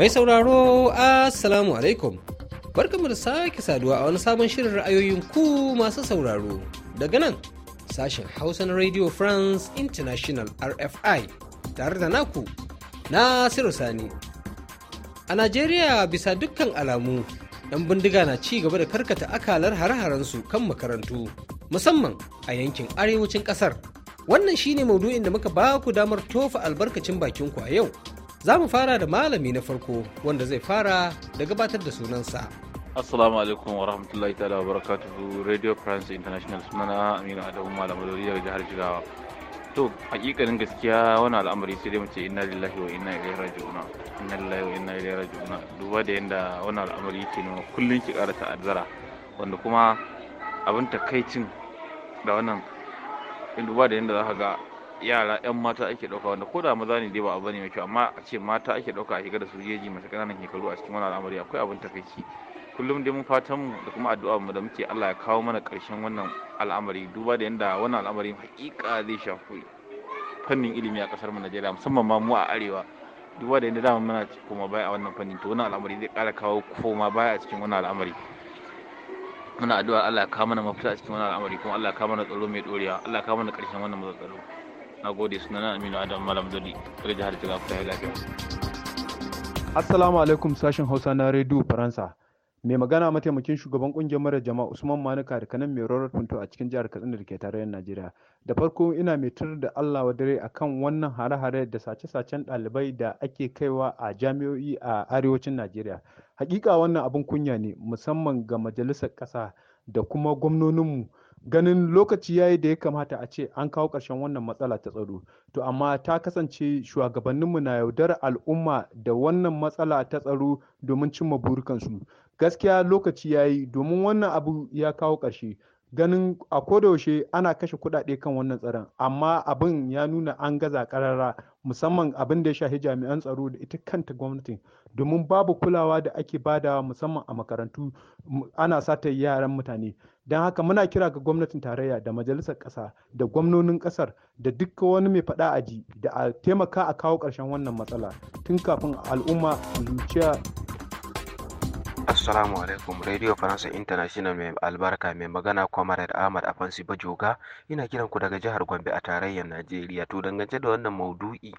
Mai sauraro Assalamu alaikum. Barkanmu da sake saduwa a wani sabon shirin ra'ayoyin ku masu sauraro. Daga nan sashen Hausa na Radio France International RFI tare da naku Nasiru Sani. A Najeriya bisa dukkan alamu 'yan bindiga na ci gaba da karkata akalar hare-harensu kan makarantu musamman a yankin arewacin ƙasar. Wannan shine maudu'in da muka ba ku damar tofa albarkacin bakin ku a yau. Za mu fara da malami na farko wanda zai fara da gabatar da sunansa. assalamu alaikum wa rahmatullahi ta'ala wa barakatuhu radio france international sunana aminu adamu malam da daga jihar jigawa to hakikanin gaskiya wani al'amari sai dai mace inna lillahi wa inna ilaihi raji'una inna lillahi wa inna ilaihi raji'una duba da yanda wani al'amari yake nuna kullun ki karata ta'azzara wanda kuma abin takaicin da wannan in duba da yadda za ka ga yara yan mata ake ɗauka wanda ko da maza ne dai ba abu ne mai kyau amma a ce mata ake ɗauka a shiga da su jeji masu ƙananan shekaru a cikin wani al'amari akwai abin takaici kullum dai mun fatan mu da kuma addu'a mu da muke Allah ya kawo mana ƙarshen wannan al'amari duba da yadda wannan al'amari hakika zai shafi fannin ilimi a ƙasar mu Najeriya musamman ma mu a arewa duba da yadda dama muna koma baya a wannan fannin to wannan al'amari zai ƙara kawo koma baya a cikin wannan al'amari muna addu'a Allah ya kama mana mafita a cikin wannan al'amari kuma Allah ya kama mana tsaro mai dorewa Allah ya kama mana ƙarshen wannan matsatsalo na gode sunana Aminu Adam Malam Doli kare jihar Jigawa ta lafiya Assalamu alaikum sashen Hausa na Radio Faransa mai magana mataimakin shugaban kungiyar mara jama'a usman manuka da kanan mai rawar funto a cikin jihar katsina da ke tarayyar najeriya da farko ina mai tur da allah wa dare akan wannan hare-hare da sace-sacen ɗalibai da ake kaiwa a jami'o'i a arewacin najeriya Hakika wannan abin kunya ne musamman ga majalisar ƙasa da kuma gwamnoninmu ganin lokaci yayi da ya kamata a ce an kawo ƙarshen wannan matsala ta tsaro. To amma ta kasance shugabanninmu na yaudar al'umma da wannan matsala ta tsaro domin cimma burukansu Gaskiya lokaci yayi yi domin wannan abu ya kawo ƙarshe. Ganin a kodayaushe ana kashe kuɗaɗe kan wannan tsaron amma abin ya nuna an gaza ƙarara musamman abin da ya shafi jami'an tsaro da ita kanta gwamnatin domin babu kulawa da ake badawa musamman a makarantu ana sata yaran mutane don haka muna kira ga gwamnatin tarayya da majalisar ƙasa da gwamnonin ƙasar da duk wani mai faɗa aji da a taimaka a kawo ƙarshen wannan matsala tun kafin al'umma zuciya Assalamu alaikum Radio Faransa International mai albarka mai magana Comrade Ahmad Afansi Bajoga ina kiran ku daga jihar Gombe a tarayyar Najeriya to dangance da wannan maudu'i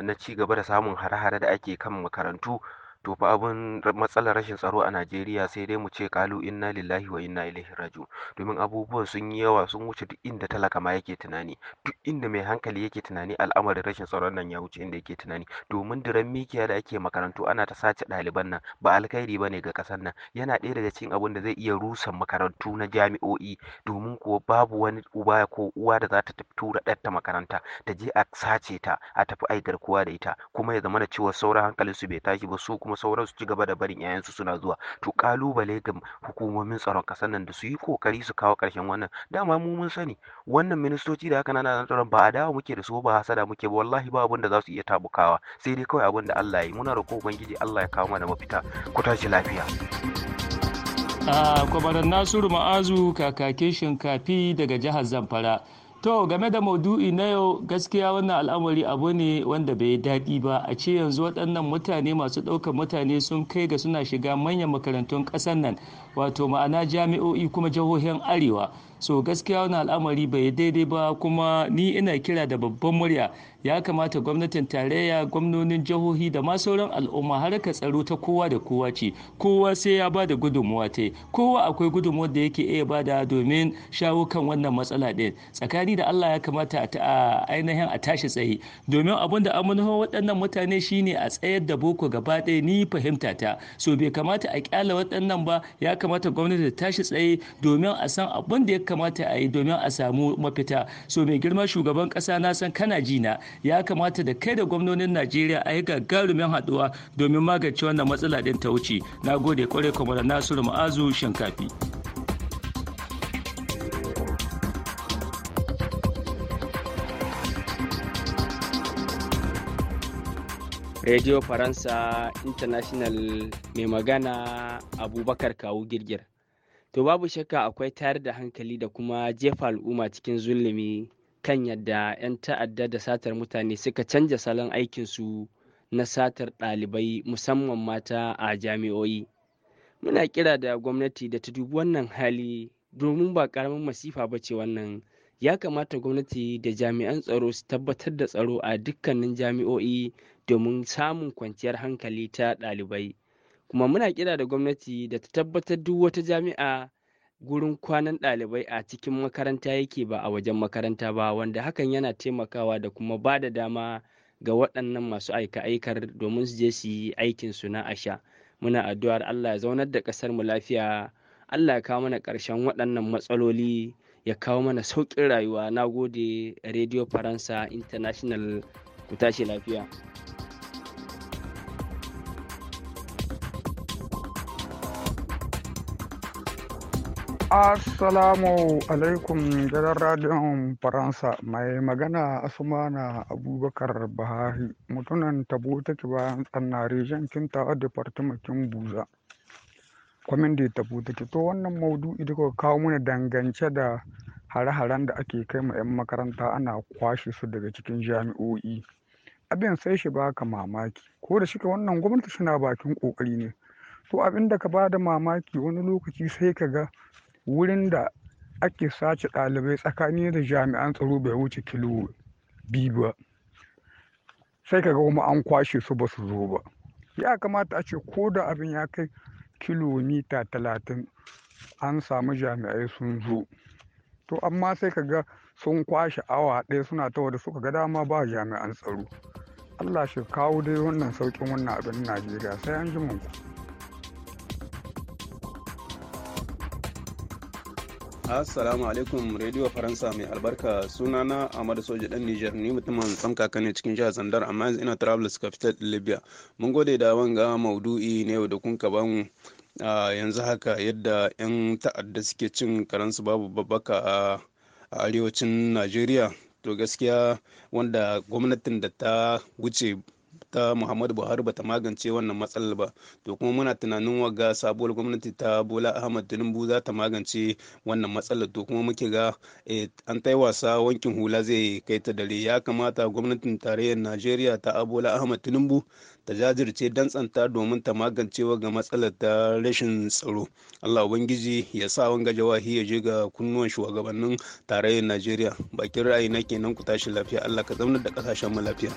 na ci gaba da samun hare-hare da ake kan makarantu to fa abun matsalar rashin tsaro a Najeriya sai dai mu ce kalu inna lillahi wa inna ilaihi raji'un domin abubuwan sun yi yawa sun wuce duk inda talaka ma yake tunani duk inda mai hankali yake tunani al'amarin rashin tsaron nan ya wuce inda yake tunani domin diran mikiya da ake makarantu ana ta sace ɗaliban nan ba alkhairi ba ne ga ƙasar nan yana ɗaya daga cikin abun da zai iya rusa makarantu na jami'o'i domin kuwa babu wani uba ko uwa da za ta tura ɗarta makaranta ta je a sace ta a tafi ai garkuwa da ita kuma ya zama da cewa sauran hankalin su bai tashi ba su kuma kuma sauran su ci gaba da barin 'ya'yansu suna zuwa to kalubale ga hukumomin tsaron kasar nan da su yi kokari su kawo karshen wannan dama mu mun sani wannan ministoci da haka na tsaron ba a dawa muke da su ba hasada muke ba wallahi ba abin da za su iya tabukawa sai dai kawai abin da Allah ya yi muna roƙo ubangiji Allah ya kawo mana mafita ku tashi lafiya a ah, kwabaran nasiru ma'azu kakakin shinkafi daga jihar zamfara To game da maudu'i na yau gaskiya wannan al'amari abu ne wanda bai daɗi ba a ce yanzu waɗannan mutane masu ɗaukar mutane sun kai ga suna shiga manyan makarantun ƙasar nan wato ma'ana jami'o'i kuma jihohin arewa so gaskiya wani al'amari bai daidai ba kuma ni ina kira da babban murya ya kamata gwamnatin tarayya gwamnonin jihohi da ma sauran al'umma harkar tsaro ta kowa da kowa ce kowa sai ya bada gudunmuwa ta kowa akwai gudunmuwa da yake iya bada domin shawo kan wannan matsala din tsakani da Allah ya kamata a ainihin a tashi tsaye domin abinda da amurwa waɗannan mutane shine a tsayar da boko gaba ɗaya ni fahimta ta so bai kamata a kyala waɗannan ba ya kamata gwamnati ta tashi tsaye domin a san abin da ya kamata a yi domin a samu mafita so mai girma shugaban kasa na san kana jina ya kamata da kai da gwamnonin najeriya a yi gagarumin haɗuwa domin magance wannan matsala ɗin ta wuce na gode kwarai kwamar nasiru ma'azu shinkafi. Radio Faransa International mai magana Abubakar Kawu Girgir. to babu shakka akwai tayar da hankali da kuma jefa al'umma cikin zulumi kan yadda 'yan ta'adda da satar mutane suka canja salon aikinsu na satar ɗalibai musamman mata a jami'o'i muna kira da gwamnati da ta dubi wannan hali domin ba karamin masifa ba ce wannan ya kamata gwamnati da jami'an tsaro su tabbatar da tsaro a dukkanin jami'o'i domin samun kwanciyar hankali ta ɗalibai kuma muna kira da gwamnati da ta tabbatar duk wata jami'a gurin kwanan ɗalibai a cikin makaranta yake ba a wajen makaranta ba wanda hakan yana taimakawa da kuma ba da dama ga waɗannan masu aika-aikar domin su je su yi aikinsu na asha muna addu'ar allah ya zaunar da ƙasar mu lafiya allah ya kawo mana ƙarshen waɗannan matsaloli ya kawo mana sauƙin rayuwa na gode radio faransa international ku tashi lafiya Assalamu alaikum gidan radiyon Faransa mai magana Asumana Abubakar Bahari mutunan tabo take bayan tsannare jan kinta a departamentin Buza. Kwamin da tabo take to wannan maudu'i da kawo mana dangance da hare-haren da ake kai ma 'yan makaranta ana kwashe su daga cikin jami'o'i. Abin sai shi baka mamaki ko da shike wannan gwamnati suna bakin ƙoƙari ne. to abin da ka ba da mamaki wani lokaci sai ka ga wurin da ake sace ɗalibai tsakani da jami'an tsaro bai wuce kilo biyu ba sai ka ga kuma an kwashe su ba su zo ba ya kamata a ce ko da abin ya kai kilomita talatin an samu jami'ai sun zo to amma sai ka ga sun kwashe awa ɗaya suna ta da suka ga dama ba jami'an tsaro allah shi kawo dai wannan sauƙin wannan abin najeriya sai an ji ku. Assalamu alaikum Radio Faransa mai albarka sunana ahmadu Soja dan Niger ni mutumin tsamkaka ne cikin jihar Zandar amma yanzu ina Travelers Capital Libya. Mun gode da ga maudu'i ne da kun ka bamu yanzu haka yadda 'yan ta'adda suke cin karansu babu babbaka a arewacin nigeria to gaskiya wanda gwamnatin da ta wuce ta muhammadu buhari bata magance wannan matsalar ba to kuma muna tunanin waga sabuwar gwamnati ta bola ahmad tinubu za ta magance wannan matsalar to kuma muke ga eh, an tai wasa wankin hula zai kai ta dare ya kamata gwamnatin tarayyar najeriya ta bola ahmad tinubu ta jajirce dan tsanta domin ta magance ga matsalar ta rashin tsaro allah ubangiji ya sa wanga jawahi ya je ga kunnuwan shugabannin tarayyar najeriya bakin ra'ayi na kenan ku tashi lafiya allah ka zauna da kasashen mu lafiya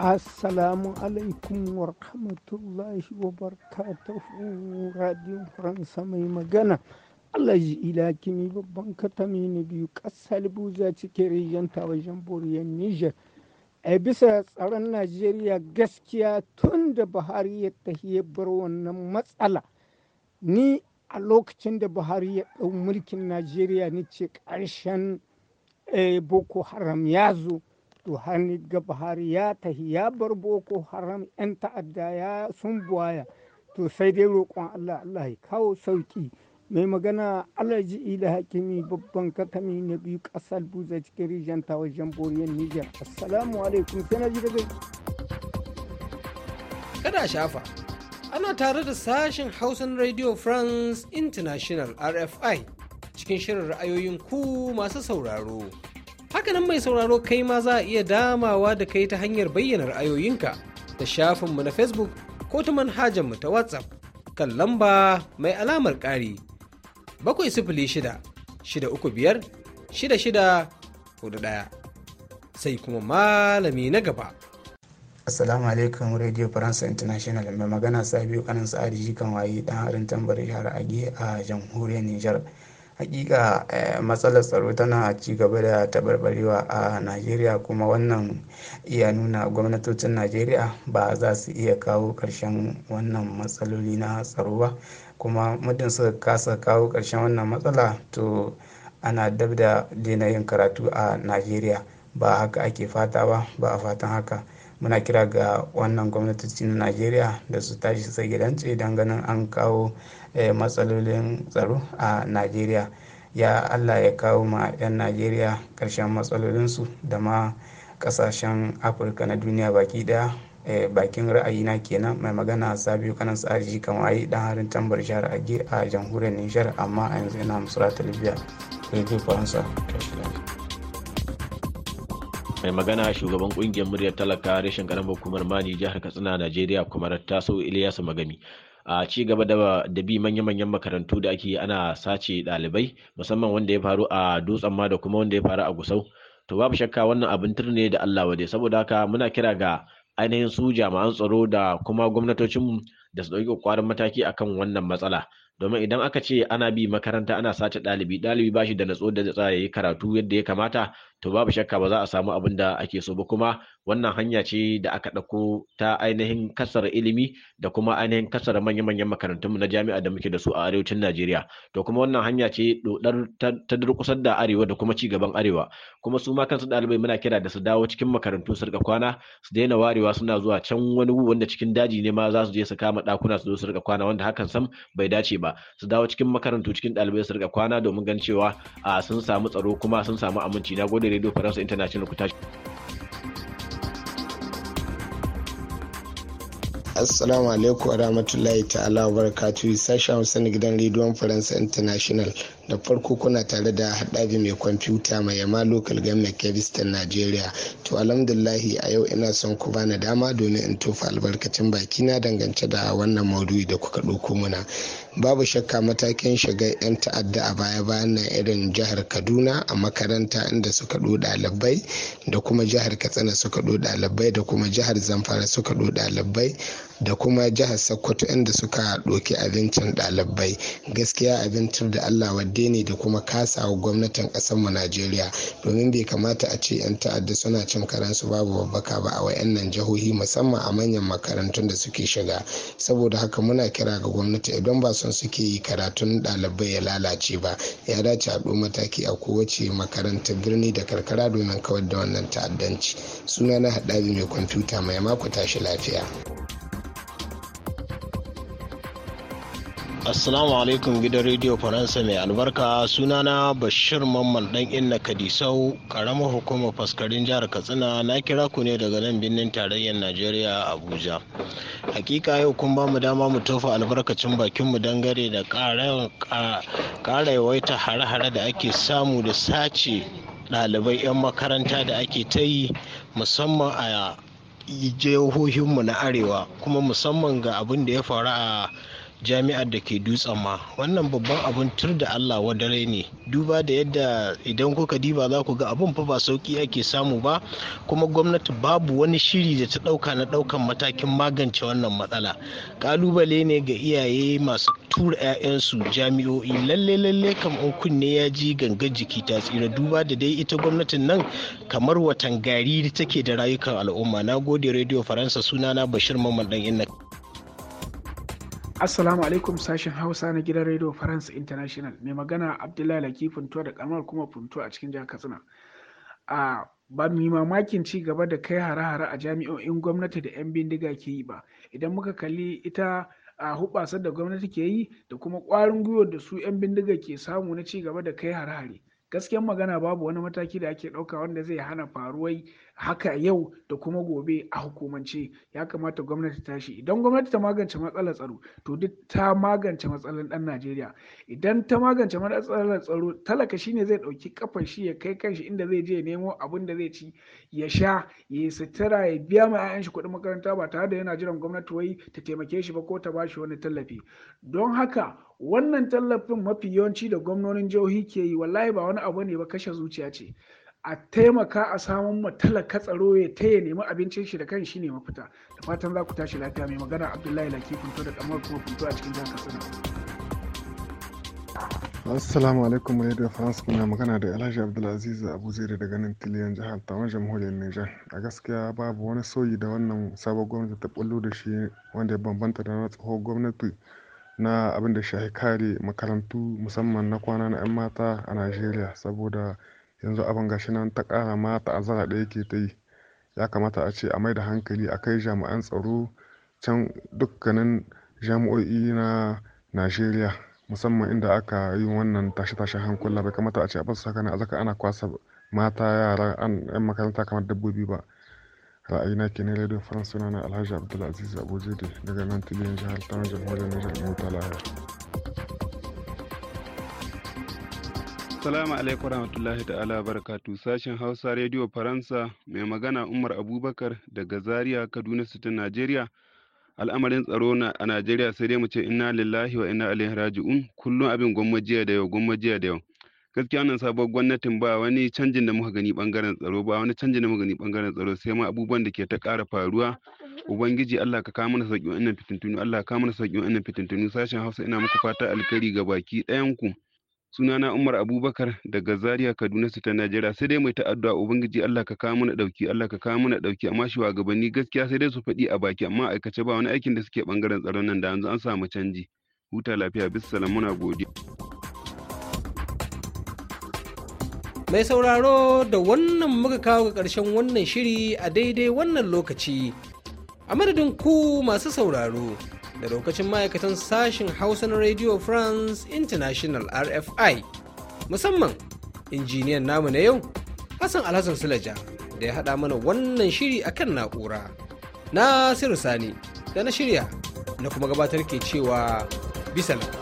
Assalamu alaikum wa rahmatullahi wa barakatuhu Radio Faransa mai magana. Allah ji ila kimi babban katami na biyu ƙasar buza cike riganta wajen boriyar Nijar. A bisa tsaron Najeriya gaskiya tun da Buhari ya tahiye bar wannan matsala. Ni a lokacin da Buhari ya ɗau mulkin Najeriya ni ce ƙarshen eh, Boko Haram ya zo. to ga bahari ya tahi ya bar Boko Haram 'yan ta'adda ya sun buwaya to sai dai roƙon Allah Allah ya kawo sauki mai magana alaji Ila Hakimi babban katami na biyu ƙasar Buza cikin rijiyar ta wajen Boriyar niger. Assalamu alaikum sai na ji daga Kada shafa ana tare da sashen Hausan Radio France International RFI cikin shirin ra'ayoyin ku masu sauraro. Hakanan mai sauraro kai ma za a iya damawa da kai ta hanyar bayyana ra'ayoyinka ta shafinmu na Facebook ko ta manhajarmu ta WhatsApp kan lamba mai alamar ƙari bakwai sifili shida shida uku biyar shida ɗaya sai kuma malami na gaba. Assalamu alaikum Radio France International mai magana Sabiu kanin sa'adiji kan waye dan harin tambari shara a jamhuriyar niger. Hakika eh, matsalar tsaro tana ci gaba da taɓarɓarewa a Najeriya kuma wannan iya nuna gwamnatocin Najeriya ba za su iya kawo ƙarshen wannan matsaloli na tsaro ba kuma muddin suka kasa kawo ƙarshen wannan matsala to ana dab da daina yin karatu a Najeriya ba haka ake fata ba ba a fatan haka muna kira ga wannan gwamnatoci na Najeriya da su tashi tsaye dantse don ganin an kawo Eh, matsalolin tsaro a najeriya ya allah ya kawo ma 'yan najeriya ƙarshen matsalolinsu da ma ƙasashen afirka na duniya baki daya eh, bakin ra'ayina kenan mai magana sabiu kanan sa'arji kamari dan harin tambar jihar age a jamhuriyar nijar amma a yanzu yana musulata libya radio faransa mai magana shugaban kungiyar muryar talaka reshen karamar hukumar mani jihar katsina najeriya kuma sau iliyasu magami a ci gaba da bi manyan manyan makarantu da ake ana sace ɗalibai musamman wanda ya faru a dutsen ma da kuma wanda ya faru a gusau to babu shakka wannan abin turne da Allah wade saboda haka muna kira ga ainihin su jami'an tsaro da kuma gwamnatocin da su ɗauki ƙwarin mataki akan wannan matsala domin idan aka ce ana bi makaranta ana sace ɗalibi ɗalibi ba shi da natso da zai ya yi karatu yadda ya kamata to babu shakka ba za a samu abin da ake so ba kuma wannan hanya ce da aka ɗauko ta ainihin kasar ilimi da kuma ainihin kasar manya-manyan makarantunmu na jami'a da muke da su a arewacin Najeriya to kuma wannan hanya ce dodar ta durkusar da arewa da kuma cigaban arewa kuma su ma kansu ɗalibai muna kira da su dawo cikin makarantu su kwana su daina warewa suna zuwa can wani wanda cikin daji ne ma za su je su kama ɗakuna su zo su kwana wanda hakan sam bai dace ba su dawo cikin makarantu cikin ɗalibai su rika kwana domin gan cewa sun samu tsaro kuma sun samu aminci na gode kai radio faransa international ku tashi assalamu alaikum rahmatullahi ta'ala wa barakatu sashen hausa na gidan rediyon faransa international da farko kuna tare da haɗabi mai kwamfuta mai yamma local government kevistan nigeria to alhamdulahi a yau ina son ku bani dama domin in tofa albarkacin bakina dangance da wannan maudu'i da kuka ɗauko muna babu shakka matakin shiga 'yan ta'adda a baya-bayan nan irin jihar kaduna a makaranta inda suka ɗo ɗalibai da kuma jihar katsina suka ɗo ɗalibai da kuma jihar zamfara suka ɗo ɗalibai da kuma jihar sokoto inda suka ɗoki abincin ɗalibai gaskiya abincin da allah wadde ne da kuma kasawa gwamnatin ƙasarmu najeriya domin bai kamata a ce 'yan ta'adda suna cin karansu babu babbaka ba a nan jihohi musamman a manyan makarantun da suke shiga saboda haka muna kira ga gwamnati idan ba son suke yi karatun ɗalibai ya lalace ba ya dace a ɗo mataki a kowace makarantar birni da karkara domin kawar da wannan ta'addanci suna na haɗari mai kwamfuta mai mako tashi lafiya Assalamu alaikum gidan Radio Faransa mai albarka sunana Bashir Mamman dan Inna Kadisau karamar hukumar faskarin jihar Katsina na kira ku ne daga nan birnin tarayyar Najeriya Abuja. Hakika yau kun ba mu dama mu tofa albarkacin bakin mu dangare da ƙara yawaita hare-hare da ake samu da sace ɗalibai 'yan makaranta da ake ta yi musamman a jihohinmu na arewa kuma musamman ga abin da ya faru a jami'ar da ke dutsen ma wannan babban abun tur da allah wadare ne duba da yadda idan kuka diba za ku ga abin fa ba sauki ake samu ba kuma gwamnati babu wani shiri da ta ɗauka na ɗaukan matakin magance wannan matsala kalubale ne ga iyaye masu tura 'ya'yansu jami'o'i lalle lalle kam in kunne ya ji gangan jiki ta tsira duba da dai ita gwamnatin nan kamar watan gari take da rayukan al'umma na gode radio faransa sunana bashir mamman dan inna Assalamu alaikum sashen Hausa na gidan Radio France International. Mai magana Abdullahi Laki Funtuwa da karamar kuma Funtuwa a cikin jihar Katsina. A ba mu mamakin ci gaba da kai hare-hare a jami'o'in gwamnati da 'yan bindiga ke yi ba. Idan muka kalli ita a hubasar da gwamnati ke yi da kuma kwarin gwiwar da su 'yan bindiga ke samu na ci gaba da kai hare-hare. Gaskiyar magana babu wani mataki da ake ɗauka wanda zai hana faruwai haka yau da kuma gobe a hukumance ya kamata gwamnati ta tashi idan gwamnati ta magance matsalar tsaro to duk ta magance matsalar dan najeriya idan ta magance matsalar tsaro talaka shine zai dauki kafan shi ya kai kanshi inda zai je nemo abin da zai ci ya sha ya yi sutura ya biya ma 'ya'yan shi kuɗin makaranta ba tare da yana jiran gwamnati wai ta taimake shi ba ko ta bashi wani tallafi don haka wannan tallafin mafi yawanci da gwamnonin jihohi ke yi wallahi ba wani abu ne ba kashe zuciya ce a taimaka a samun ma talaka tsaro ya taya nemi abincin shi da kan shi ne mafita da fatan za ku tashi lafiya mai magana abdullahi laki funto da kamar kuma funto a cikin jihar katsina assalamu alaikum radio france kuna magana da alhaji abdulaziz abu zaire daga nan tiliyan jihar wajen jamhuriyar nijar a gaskiya babu wani sauyi da wannan sabon gwamnati ta bullo da shi wanda ya bambanta da na tsohon gwamnati na abin da shahi kare makarantu musamman na kwana na 'yan mata a najeriya saboda yanzu abin gashi nan ta ƙara ma ta'azzara da yake ta yi ya kamata a ce a mai da hankali a kai jami'an tsaro can dukkanin jami'o'i na najeriya musamman inda aka yi wannan tashe-tashen hankula bai kamata a ce a basu haka na a ana kwasa mata yara an yan makaranta kamar dabbobi ba ra'ayi na kenan radio france suna na alhaji abdulaziz abuja daga nan tiliyan jihar ta jamhuriyar nijar mota lahiyar Assalamu alaikum warahmatullahi ta'ala barakatu sashen Hausa Radio Faransa mai magana Umar Abubakar daga Zaria Kaduna City Najeriya. Al'amarin tsaro na a Najeriya sai dai mu ce inna lillahi wa inna ilaihi raji'un kullum abin gwammajiya da yau gwammajiya da yau. Gaskiya wannan sabon gwamnatin ba wani canjin da muka gani bangaren tsaro ba wani canjin da muka gani bangaren tsaro sai ma abubuwan da ke ta ƙara faruwa. Ubangiji Allah ka kama mana sauƙin wannan fitintunu Allah ka kama mana sauƙin wannan fitintunu sashen Hausa ina muku fata alkhairi ga baki ɗayan ku. sunana Umar Abubakar daga Zaria Kaduna ta Najeriya sai dai mai ta a ubangiji Allah ka kawo mana dauki Allah ka kawo mana dauki amma shugabanni gaskiya sai dai su faɗi a baki amma aikace ba wani aikin da suke bangaren tsaron nan da yanzu an samu canji huta lafiya bisalam muna gode. mai sauraro da wannan muka kawo ga ƙarshen wannan shiri a daidai wannan lokaci a madadin ku masu sauraro da lokacin ma'aikatan sashen hausa na radio france international rfi musamman injiniyan namu na yau hassan alhassan sulaja da ya haɗa mana wannan shiri akan na'ura na sani da na shirya na kuma gabatar ke cewa bisa